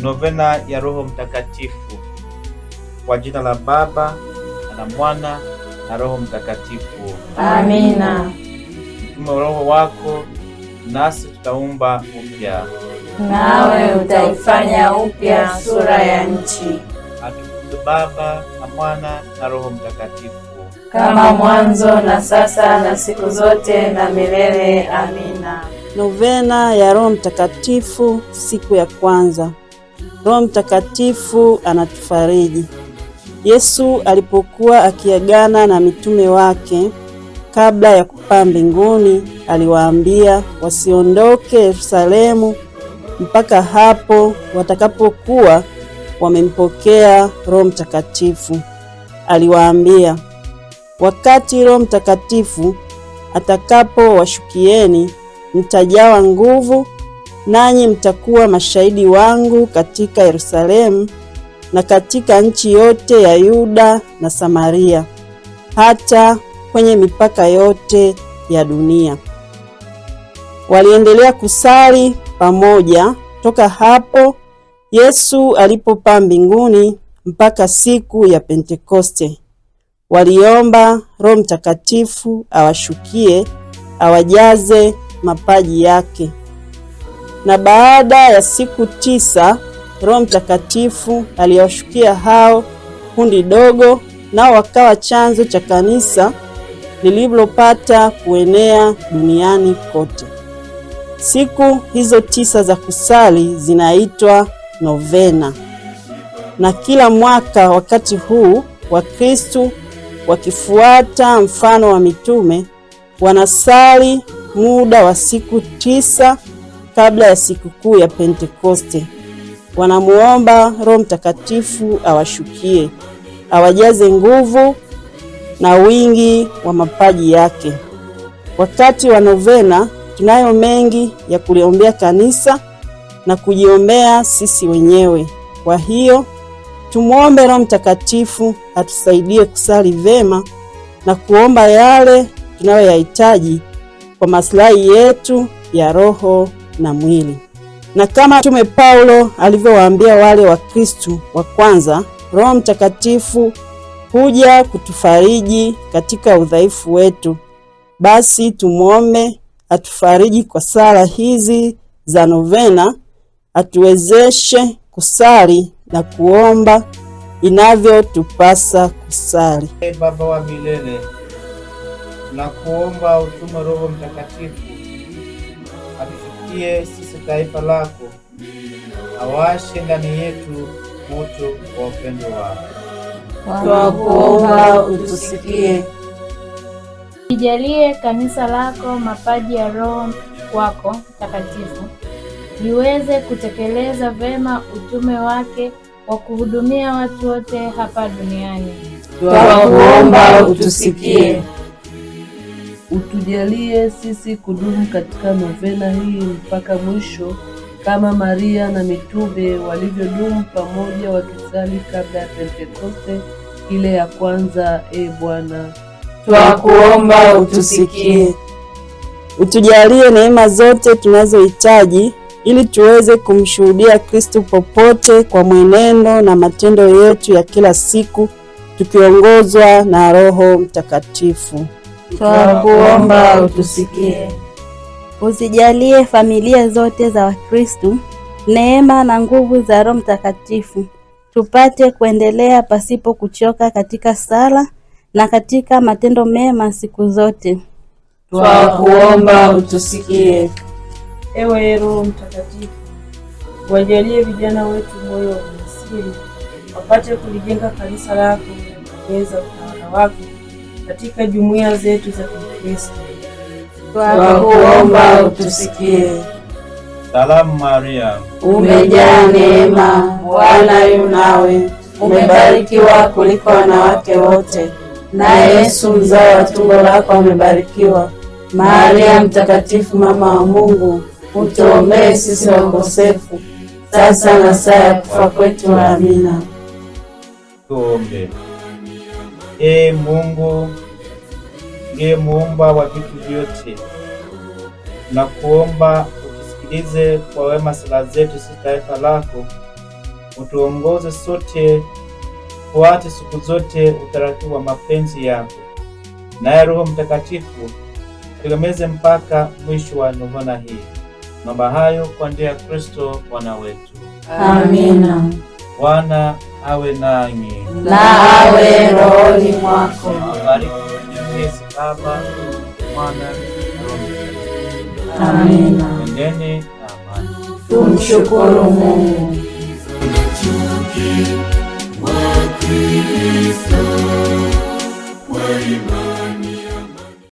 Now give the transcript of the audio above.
Novena ya Roho Mtakatifu. Kwa jina la Baba na Mwana na Roho Mtakatifu, amina. Mtume Roho wako nasi tutaumba upya, nawe utaifanya upya sura ya nchi. Atukuzwe Baba na Mwana na Roho Mtakatifu, kama mwanzo na sasa na siku zote na milele, amina. Novena ya Roho Mtakatifu, siku ya kwanza. Roho Mtakatifu anatufariji. Yesu alipokuwa akiagana na mitume wake kabla ya kupaa mbinguni, aliwaambia wasiondoke Yerusalemu mpaka hapo watakapokuwa wamempokea Roho Mtakatifu. Aliwaambia, wakati Roho Mtakatifu atakapowashukieni, mtajawa nguvu nanyi mtakuwa mashahidi wangu katika Yerusalemu na katika nchi yote ya Yuda na Samaria hata kwenye mipaka yote ya dunia. Waliendelea kusali pamoja toka hapo Yesu alipopaa mbinguni mpaka siku ya Pentekoste. Waliomba Roho Mtakatifu awashukie, awajaze mapaji yake. Na baada ya siku tisa Roho Mtakatifu aliwashukia hao kundi dogo, nao wakawa chanzo cha kanisa lililopata kuenea duniani kote. Siku hizo tisa za kusali zinaitwa novena, na kila mwaka wakati huu Wakristo wakifuata mfano wa mitume wanasali muda wa siku tisa kabla ya sikukuu ya Pentekoste. Wanamuomba Roho Mtakatifu awashukie, awajaze nguvu na wingi wa mapaji yake. Wakati wa novena tunayo mengi ya kuliombea kanisa na kujiombea sisi wenyewe. Kwa hiyo tumwombe Roho Mtakatifu atusaidie kusali vema na kuomba yale tunayoyahitaji kwa maslahi yetu ya roho na mwili. Na kama Mtume Paulo alivyowaambia wale wa Kristu wa kwanza, Roho Mtakatifu huja kutufariji katika udhaifu wetu. Basi tumwombe atufariji kwa sala hizi za novena, atuwezeshe kusali na kuomba inavyotupasa kusali. Hey, ee Baba wa milele, na kuomba utume Roho Mtakatifu tupatie sisi taifa lako, na washe ndani yetu moto wa upendo wako. Twakuomba utusikie. ijalie kanisa lako mapaji ya Roho wako Mtakatifu liweze kutekeleza vema utume wake wa kuhudumia watu wote hapa duniani. Twakuomba utusikie. Utujalie sisi kudumu katika novena hii mpaka mwisho, kama Maria na mitume walivyodumu pamoja wakisali kabla ya Pentekoste ile ya kwanza. E Bwana, twakuomba utusikie. Utujalie neema zote tunazohitaji ili tuweze kumshuhudia Kristu popote kwa mwenendo na matendo yetu ya kila siku tukiongozwa na Roho Mtakatifu twakuomba utusikie. Uzijalie familia zote za Wakristo neema na nguvu za Roho Mtakatifu, tupate kuendelea pasipo kuchoka katika sala na katika matendo mema siku zote. Twakuomba utusikie. Ewe Roho Mtakatifu, wajalie vijana wetu moyo wa ujasiri, wapate kulijenga kanisa lako na kuweza utawala wako katika jumuiya zetu za Kikristo. Twakuomba utusikie. Salamu Maria, umejaa neema, Bwana yu nawe, umebarikiwa kuliko wanawake wote, na Yesu mzao wa tumbo lako amebarikiwa. Maria mtakatifu, mama wa Mungu, utuombee sisi wakosefu, sasa na saa ya kufa kwetu. Amina. Tuombe e Mungu ndiye muumba wa vitu vyote, na kuomba utusikilize kwa wema sala zetu sisi taifa lako, utuongoze sote kuate siku zote utaratibu wa mapenzi yako, naye Roho Mtakatifu tutegemeze mpaka mwisho wa novena hii. Mambo hayo kwa njia ya Kristo Bwana wetu, amina. Bwana awe nanyi na awe rohoni mwako. Yesu Baba, Mwana, Amina. Endeni na amani. Tumshukuru Mungu. Wakristo waima